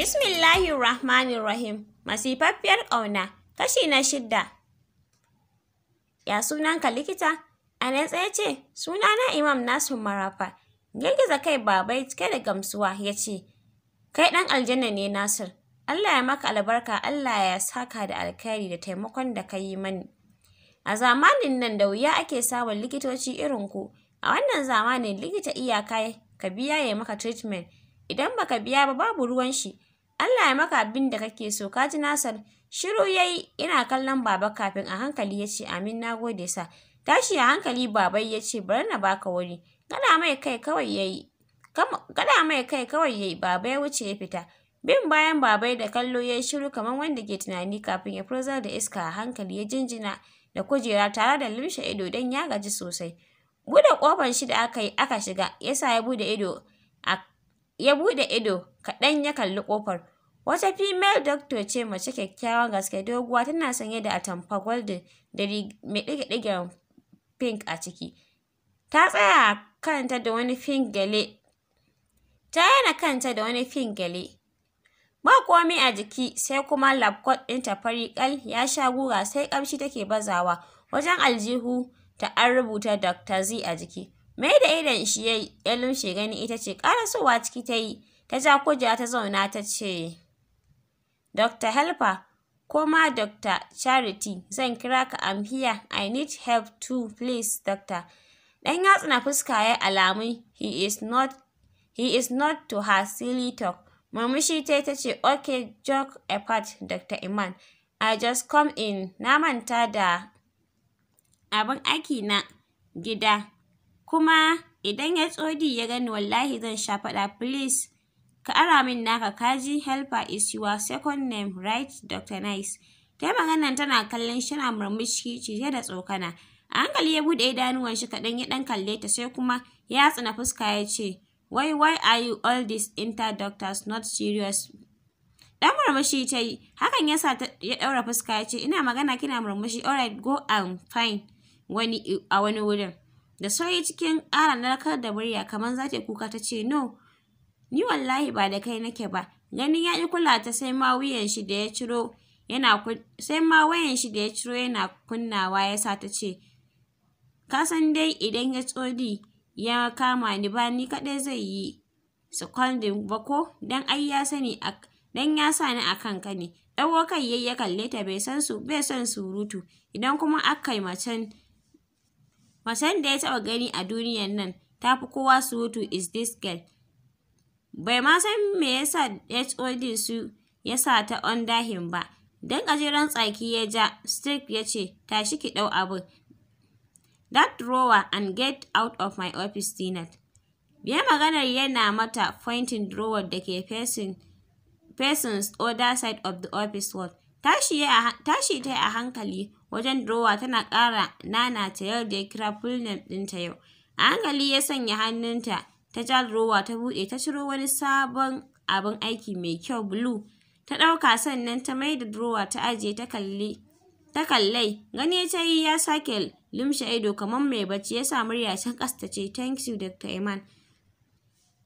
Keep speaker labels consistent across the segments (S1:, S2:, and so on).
S1: Bismillahir Rahmanir Rahim. Masifaffiyar ƙauna, kashi na shidda. Ya sunanka likita? A nan tsaye ce, sunana Imam Nasu Marafa. Girgiza kai babai cike da gamsuwa ya ce, Kai ɗan aljanna ne Nasir, Allah ya maka albarka, Allah ya saka da alkhairi da taimakon da ka yi mani. A zamanin nan da wuya ake samun likitoci irin ku, a wannan zamanin likita iyaka ka biya ya maka treatment, idan baka biya ba babu ruwan shi, Allah ya maka abin da kake so, ka ji Nasar. Shiru ya yi, ina kallon baba kafin a hankali ya ce, Amin na gode sa. Tashi a hankali babai ya ce, bari na baka wuri. Gada mai kai kawai ya yi. mai kai kawai ya yi, baba ya wuce ya fita. Bin bayan babai da kallo ya yi shiru kamar wanda ke tunani kafin ya furzar da iska a hankali ya jinjina da kujera tare da lumshe ido don ya gaji sosai. Buɗe kofar shi da aka aka shiga, yasa ya buɗe ido ya buɗe ido kaɗan ya kalli kofar. Wata female doctor ce mace kyakkyawan gaske doguwa tana sanye da atamfa golden da mai ɗige pink a ciki. Ta tsaya kanta da wani pink gele. Ta yana kanta da wani pink gele. Ba komai a jiki sai kuma lab coat ɗinta fari ƙal ya sha guga sai ƙamshi take bazawa. Wajen aljihu ta an rubuta Dr. Z a jiki. Mai da idon shi ya lumshe gani ita ce ƙarasowa ciki ta yi. Ta ja kujera ta zauna ta ce. Dr. Helper ko ma Dr. Charity, zan kira ka I'm here, I need help too please doctor. Ɗan yatsuna fuska ya alamu he is not to her silly talk. Murmushi ta ta ce okay joke apart Dr. Iman. I just come in na manta da abin aiki na gida kuma idan ya tsodi ya gani wallahi zan sha faɗa please Ka ara min naka kaji helper is your second name right Dr. Nice. Ta maganan tana kallon shi tana murmushi cike da tsokana. A hankali ya bude idanuwan shi kadan ya ɗan kalle ta sai kuma ya tsina fuska ya ce, Why why are you all this? inter doctors not serious? Dan murmushi ta yi, hakan ya sa ya ɗaura fuska ya ce, Ina magana kina murmushi, All right, go on fine wani a wani wurin. Da sauri cikin ƙara narkar da murya kamar za kuka ta ce, No, Ni wallahi ba da kai nake ba. Ganin ya ƙi kula ta sai ma wuyan shi da ya ciro yana sai ma wayan shi da ya ciro yana kunnawa ya sa ta ce, Ka san dai idan ya tsodi ya kama ni ba ni kaɗai zai yi seconding ba ko? Don ai ya sani dan ya sa ni a kanka ne. Ɗago kai yayi ya kalle ta bai san su bai son surutu. Idan kuma aka yi macen macen da ya taɓa gani a duniyan nan tafi fi kowa surutu is this girl. Bai ma san me yasa HOD su ya sa ta ondahin ba. Don gajeren tsaki ya ja, Steve ya ce, tashi ki ɗau abin. That drawer and get out of my office, Tinat. Biya maganar yana mata pointing drawer da ke facing person's other side of the office wall. Tashi ta a hankali wajen drawer tana ƙara yau da ya kira full name ɗinta yau. A hankali ya sanya hannunta Ta ja durowa ta buɗe ta ciro wani sabon abin aiki mai kyau blue. Ta ɗauka sannan ta maida durowa ta ajiye ta kalli ta kallai. Gani ta yi ya sake lumshe ido kamar mai bacci ya sa murya can ƙasa ta ce thank you Dr. Iman.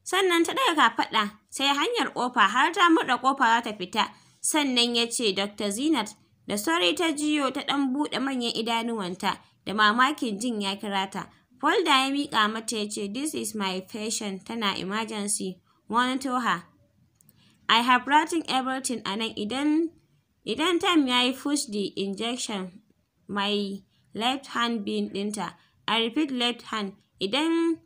S1: Sannan ta ɗaga kafaɗa sai hanyar ƙofa har ta murɗa ƙofa za ta fita. Sannan ya ce Dr. Zinat da sauri ta jiyo ta ɗan buɗe manyan idanuwanta da mamakin jin ya kira ta. Folda ya miƙa mata ya ce, This is my patient, tana emergency, monitor her. I have written everything a nan idan idan time ya yi push the injection my left hand bean ɗinta. I repeat left hand. Idan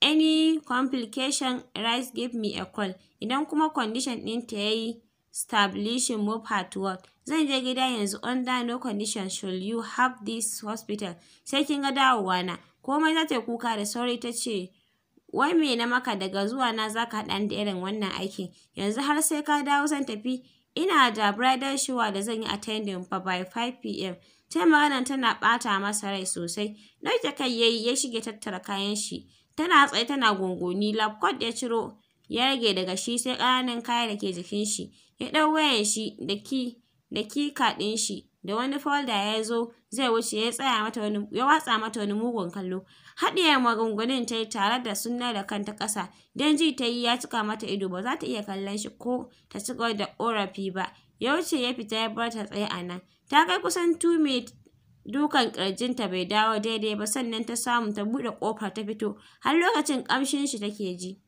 S1: any complication rise give me a call. Idan kuma condition ɗinta ya yi establishing move her to work. Zan je gida yanzu under no condition should you have this hospital. Sai kin ga dawowa na. Komai za ta yi kuka da sauri ta ce wai me na maka daga zuwa na za ka haɗa da irin wannan aikin. Yanzu har sai ka dawo zan tafi. Ina da bridal shower da zan yi attending fa by 5 pm. Ta maganar tana ɓata masa rai sosai. Ɗauke kai yayi ya shige tattara kayan shi. Tana tsaye tana gungoni lab code ya ciro ya rage daga shi sai ƙananan kaya da ke jikin shi. Ya ɗau wayan shi da ki da ɗin shi da wani folda ya zo zai wuce ya tsaya mata wani ya watsa mata wani mugun kallo. Haɗiyar magungunan ta yi tare da sunna da kanta ƙasa don ji ta yi ya cika mata ido ba za ta iya kallon shi ko ta ci da ƙorafi ba. Ya wuce ya fita ya bar ta tsaye a nan. Ta kai kusan two dukan ƙirjinta bai dawo daidai ba sannan ta samu ta buɗe ƙofar ta fito har lokacin ƙamshin shi take ji.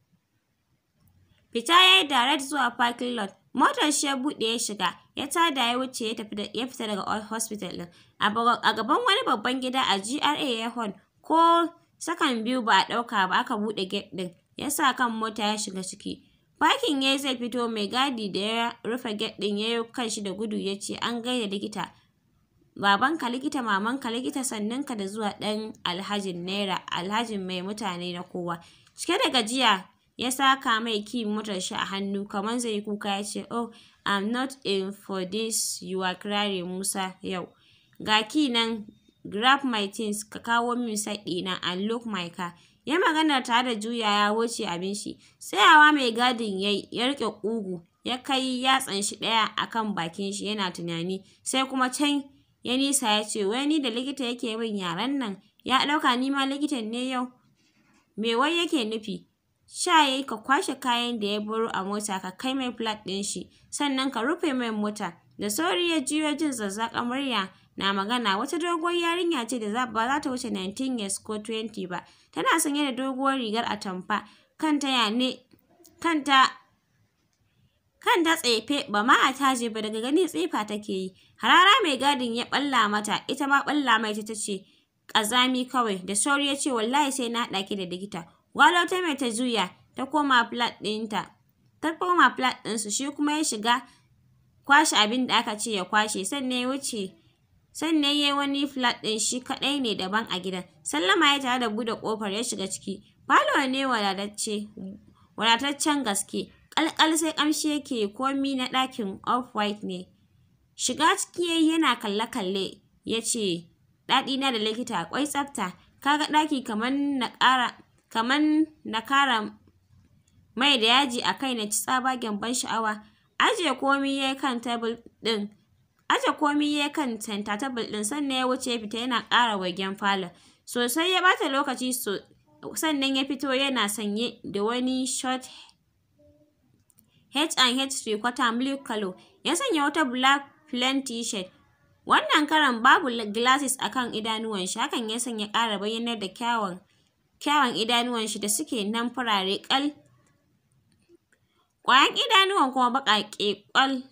S1: Fita ya yi direct zuwa parking lot. Motar shi ya buɗe ya shiga, ya tada ya wuce ya tafi ya fita daga hospital din A gaban wani babban gida a GRA ya hon ko sakan biyu ba a ɗauka ba aka buɗe gate din. Ya sa kan mota ya shiga ciki. Parking ya zai fito mai gadi da ya rufe gate din ya yi kanshi da gudu ya ce an gaida likita. Babanka likita, maman ka likita, sannunka da zuwa ɗan alhajin naira, alhajin mai mutane na kowa. Cike da gajiya ya saka mai motar shi a hannu kamar zai yi kuka ya ce, Oh, I'm not in for this, you are crying Musa yau. Ga ki nan, grab my things, ka kawo min na and look my car. Ya magana tare da juya ya wuce abin shi, tsayawa mai gadin ya ya rike ƙugu, ya kai yatsan shi ɗaya a kan bakin shi yana tunani, sai kuma can ya nisa ya ce, wai da likita yake min yaren nan, ya ɗauka ni ma likitan ne yau. Me wai yake nufi? Sha ya yi ka kwashe kayan da ya baro a mota ka kai mai flat ɗin shi, sannan ka rufe mai mota. Da sauri ya juyo jin zazzaƙar murya na magana wata doguwar yarinya ce da ba za ta wuce 19 years ko 20 ba. Tana sanye da doguwar rigar atamfa, kanta ne kanta kanta tsefe ba ma a taje ba daga gani tsefa take yi. Harara mai gadin ya ɓalla mata, ita ma ɓalla mai ta ce, ƙazami kawai, da sauri ya ce wallahi sai na ɗaki da likita. Walau ta mai ta juya ta koma flat ɗinta. Ta koma flat ɗinsu shi kuma ya shiga kwashe abin da aka ce ya kwashe sannan ya wuce sannan ya yi wani flat ɗin shi kaɗai ne daban a gidan. Sallama ya tare da buɗe ƙofar ya shiga ciki. Falo ne wadatacce wadataccen gaske. Ƙalƙal sai ƙamshi yake komi na ɗakin off-white ne. Shiga ciki yayi yana kalle-kalle ya ce, na da likita akwai tsafta, ka ga ɗaki kamar na ƙara kaman na kara mai da yaji a kai na ci tsabagen ban sha'awa. Ajiye komai ya kan tebur ɗin, aje komai ya kan tebur ɗin sannan ya wuce fita yana ƙara waigen falon. Sosai ya bata lokaci so sannan ya fito yana sanye da wani short H&H and H three quarter milk color. Ya sanya wata black plain t-shirt. Wannan karan babu gilasis a kan idanuwan shi hakan ya sanya ƙara bayyanar da kyawun kyawun idanuwan shi da suke nan farare ƙal. Ƙwayan idanuwan kuma baƙaƙe ƙwal.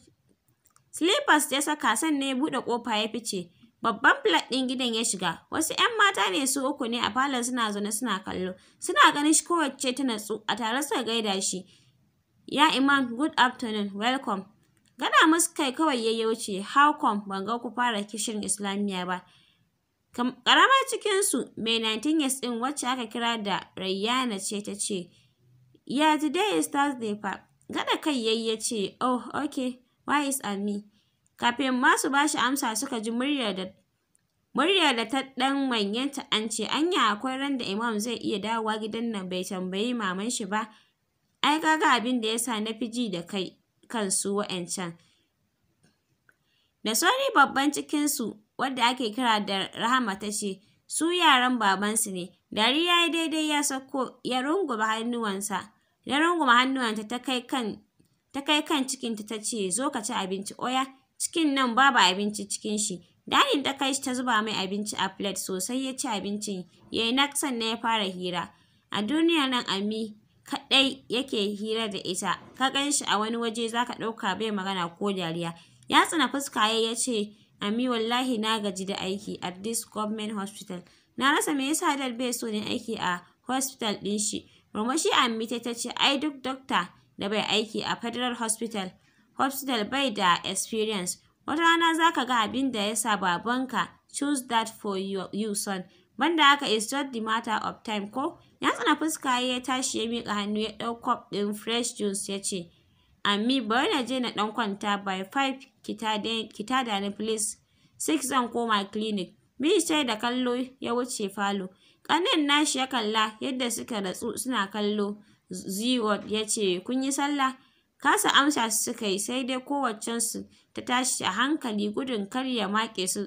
S1: Slippers ya saka sannan ya buɗe ƙofa ya fice. Babban flat ɗin gidan ya shiga. Wasu ‘yan mata ne su uku ne a falon suna zaune suna kallo. Suna ganin shi kowacce ta natsu a tare suka gaida shi. Ya Imam, good afternoon, welcome. Gana musu kai kawai ya wuce, how come ban ga ku fara kishin Islamiyya ba. Ƙaramar cikinsu, mai 19 years ɗin wacce aka kira da rayyana ce ta ce, “Ya today is Thursday fa?” Gaɗa kai yayi ya ce, “Oh, okay, why is me?” Kafin ma su ba amsa suka ji muryar da ta ɗan manyanta an ce, “Anya akwai ran da Imam zai iya dawowa gidan nan bai tambayi maman shi ba?” Ai ka ga abin da yasa na fi ji da kai kansu wa'yancan. Da sauri babban cikinsu wadda ake kira da Rahama ta ce, su yaran babansu ne. Dari ya yi daidai ya sauko, ya runguma hannuwansa, ya runguma hannuwanta ta kai kan cikinta ta ce, zo ka ci abinci, oya, cikin nan babu abinci cikin shi. Danin ta kai shi ta zuba mai abinci a plate sosai ya ci abincin, ya yi nak ya fara hira. A duniya nan Ami kaɗai yake hira da ita, ka gan shi a wani waje za ka ɗauka bai magana ko dariya. Ya tsina fuska ya ce, Ami wallahi na gaji da aiki at this government hospital. Na rasa me yasa dal bai so ne aiki a hospital din shi. Murmushi Ami ta ce ai duk dokta da bai aiki a federal hospital hospital bai da experience. Wata rana za ka ga abin da ya sa babanka choose that for you son. Banda haka is just the matter of time ko? Ya tsana fuska ya tashi ya miƙa hannu ya ɗau kwaf ɗin fresh juice ya ce Ammi bari na je na ɗan kwanta by five ki da ni please. six zan koma clinic. bi sai da kallo ya wuce falo. Ƙanin nashi ya kalla yadda suka ratsu suna kallo. Zeeworth ya ce, kun yi sallah? Kasa amsa su suka yi sai dai kowaccensu ta tashi a hankali gudun karya ya make su.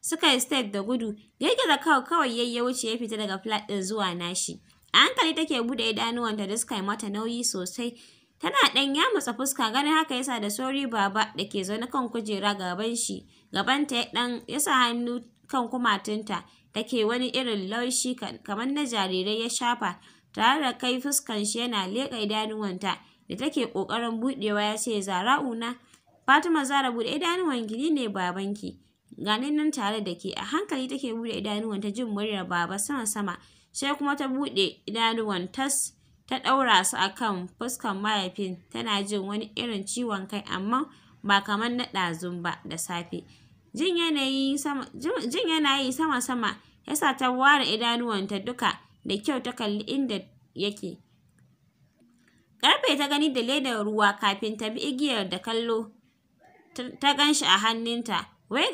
S1: Suka yi step da gudu, girgiza kawai kawai ya ya wuce ya fita daga flat ɗin zuwa nashi. A hankali take buɗe idanuwanta da suka yi mata nauyi sosai. Tana ɗan ya matsa fuska ganin haka yasa da sauri baba da ke zaune kan kujera gaban shi, gabanta ya ɗan yasa hannu kan kumatunta da ke wani irin laushi kamar na jarirai ya shafa tare da kai fuskan shi yana leƙa idanuwanta da take ƙoƙarin buɗewa ya ce Zara'u na Fatima Zara buɗe idanuwan gini ne babanki. Gani nan tare da ke a hankali take buɗe idanuwan ta jin muryar baba sama sama sai kuma ta buɗe idanuwan tas ta ɗaura su a kan fuskan mahaifin tana jin wani irin ciwon kai amma ba kamar na ɗazun ba da safe. Jin yanayi sama-sama yasa ta ware idanuwanta duka da kyau ta kalli inda yake. karfe ta gani da ledar ruwa kafin ta bi igiyar da kallo ta gan shi a hannunta. Wai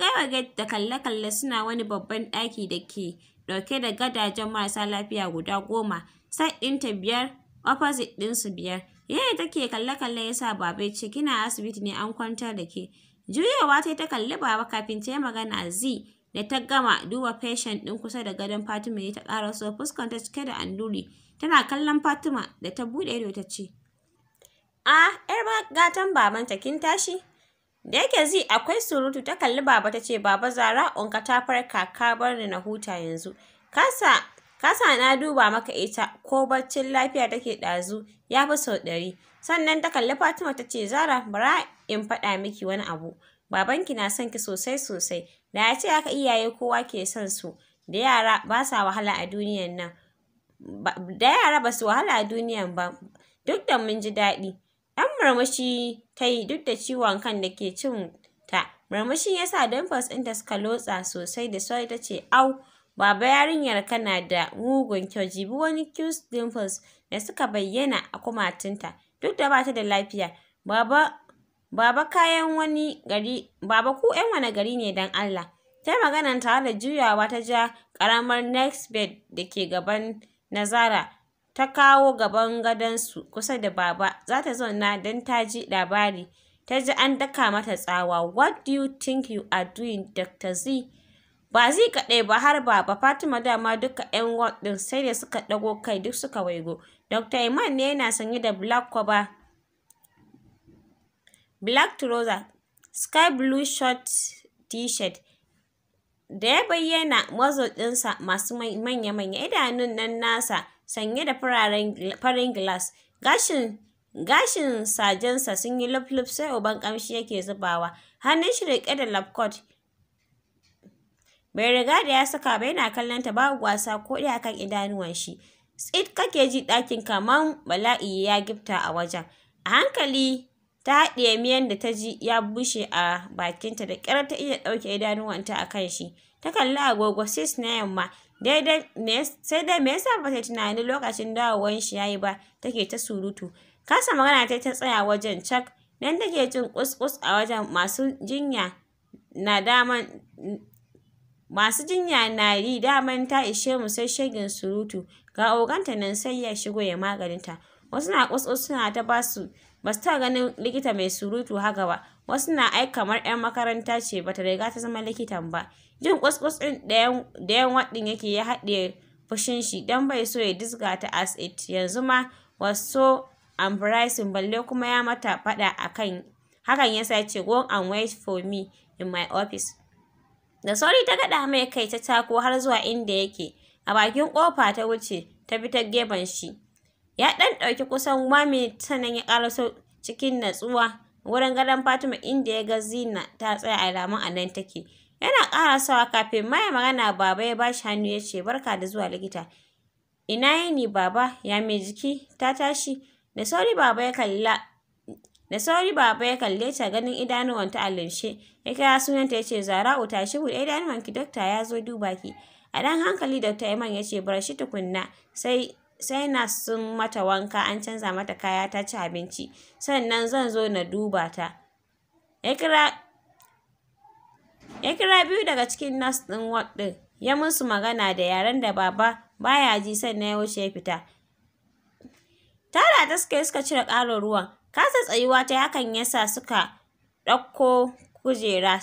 S1: da kalle-kalle suna wani babban ɗaki da ke ɗauke da gadajen marasa lafiya guda goma, sat ɗinta biyar opposite ɗinsu biyar. Yaya take kalle-kalle ya sa baba ce, kina asibiti ne an kwantar da ke. Juyawa ta ta kalli baba kafin ta yi magana zi da ta gama duba patient ɗin kusa da gadon Fatima ya ta ƙara so fuskanta cike da Anduri. Tana kallon Fatima da ta buɗe ido ta ce, A, ‘yar gatan babanta kin tashi? Da yake zi akwai surutu ta kalli baba ta ce, Baba Zara, unka ta farka ka bar ni na huta yanzu. Kasa Kasa na duba maka ita ko baccin lafiya take ɗazu ya fi sau ɗari. Sannan ta kalli Fatima ta ce Zara bara in faɗa miki wani abu. Babanki na son ki sosai sosai. Da ya ce haka iyaye kowa ke son su. Da yara ba sa wahala a duniyan nan. Da yara ba su wahala a duniyan ba. Duk da mun ji daɗi. Ɗan murmushi ta yi duk da ciwon kan da ke cin ta. Murmushin ya sa dimples ɗinta suka lotsa sosai da sauri ta ce au. Baba yarinyar kana da mugun kyau, jibi wani cute dimples da suka bayyana a kumatunta duk da bata da lafiya. Baba, baba kayan wani gari, baba ku ‘yan wani gari ne don Allah? Ta magana tare da juyawa ta ja karamar next bed da ke gaban Nazara ta kawo gaban gadon su kusa da baba za ta zauna don ta ji labari. Ta ji an daka mata tsawa, what do you think you are doing Dr. Z? Ba zai kaɗai ba har ba Fatima dama duka 'yan ward ɗin sai da suka ɗago kai duk suka waigo. Dr. Iman ne yana sanye da black cover, black trouser, sky blue short t-shirt. Da ya bayyana mazo ɗinsa masu manya-manya idanun nan nasa sanye da farin glass. Gashin gashin sajensa sun yi luf-luf sai uban kamshi yake zubawa. Hannun shi riƙe da lab bai riga da ya saka ba yana kallon ta babu wasa ko ɗaya kan idanuwan shi tsit kake ji ɗakin kaman bala'i ya gifta a wajen a hankali ta haɗiye miyan da ta ji ya bushe a bakinta da ƙyar ta iya ɗauke idanuwanta a kan shi ta kalli agogo sis na yamma daidai sai dai me yasa ba ta tunanin lokacin dawowan shi yayi ba take ta surutu kasa magana ta ta tsaya wajen cak nan take jin kuskus a wajen masu jinya na daman Masu jinya na yi, daman ta ishe mu sai shagin surutu, ga oganta nan sai ya shigo ya maganinta. Wasu na ƙwaƙwas suna ta ba su, ba su ganin likita mai surutu haka ba, wasu na ai kamar 'yan makaranta ce ba ta riga ta zama likitan ba. Jin ƙwaƙwas ɗin da yan waɗin yake ya haɗe fushin shi dan bai so ya dizga ta as it yanzu ma waso ambrisin balle kuma ya mata faɗa akan hakan yasa ya ce go and wait for me in my office. Da sauri ta gaɗa mai kai ta tako har zuwa inda yake, a bakin ƙofa ta wuce ta bi ta gefen shi. Ya ɗan ɗauki kusan wami sannan ya ƙaraso cikin natsuwa wurin gadon Fatima inda ya ga Zina ta tsaya alamun a nan take. Yana ƙarasawa kafin ma magana baba ya bashi hannu ya ce barka da zuwa likita. Ina yini baba ya mai jiki ta tashi da sauri baba ya kalla Da sauri baba ya kalle ta ganin idanuwanta a lumshe. Ya kira sunanta ya ce Zara'u tashi buɗe idanuwanki dokta ya zo duba ki. A ɗan hankali dokta Iman ya ce bar shi tukunna sai sai na sun mata wanka an canza mata kaya ta ci abinci sannan zan zo na duba ta. Ya kira biyu daga cikin nas ɗin waɗin ɗin ya musu magana da yaren da baba baya ji sannan ya wuce ya fita. Tara ta suka suka cire ƙarin ruwan Kasa tsayuwa ta hakan ya sa suka ɗauko kujera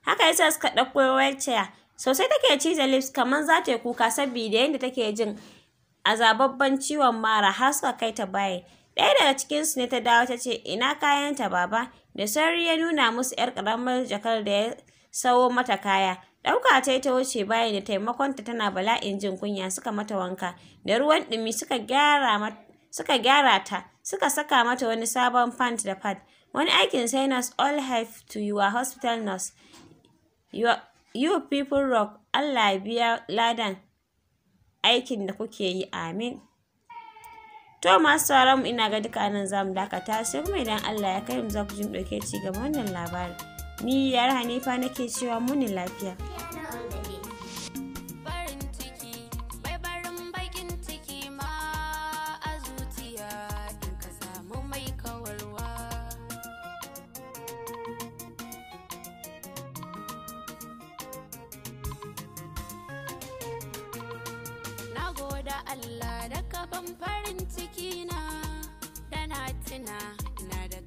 S1: haka ya suka ɗauko wheelchair. Sosai take ciza lips kamar za ta yi kuka sabida yadda take jin azababban ciwon mara har suka kai ta baya Ɗaya daga cikin su ne ta dawo ta ce, ina kayan ta, baba? Da sauri ya nuna musu ‘yar karamar jakar da ya sawo mata kaya. Ɗauka ta yi ta wuce bayi da taimakonta tana bala'in jin kunya suka mata wanka. Da ruwan ɗumi suka gyara mata suka gyara ta, suka saka mata wani sabon pant da pad. Wani aikin sai nurse all have to your hospital nurse. you people rock, Allah biya ladan aikin da kuke yi, amin. To masu sauran ina ga duka nan za mu dakata sai kuma idan Allah ya kai mu za ku jin ɗauke ci gaba wannan labarin. Ni yar Hanifa nake cewa muni lafiya. goda Allah da kafan farin ciki na, dana tuna na da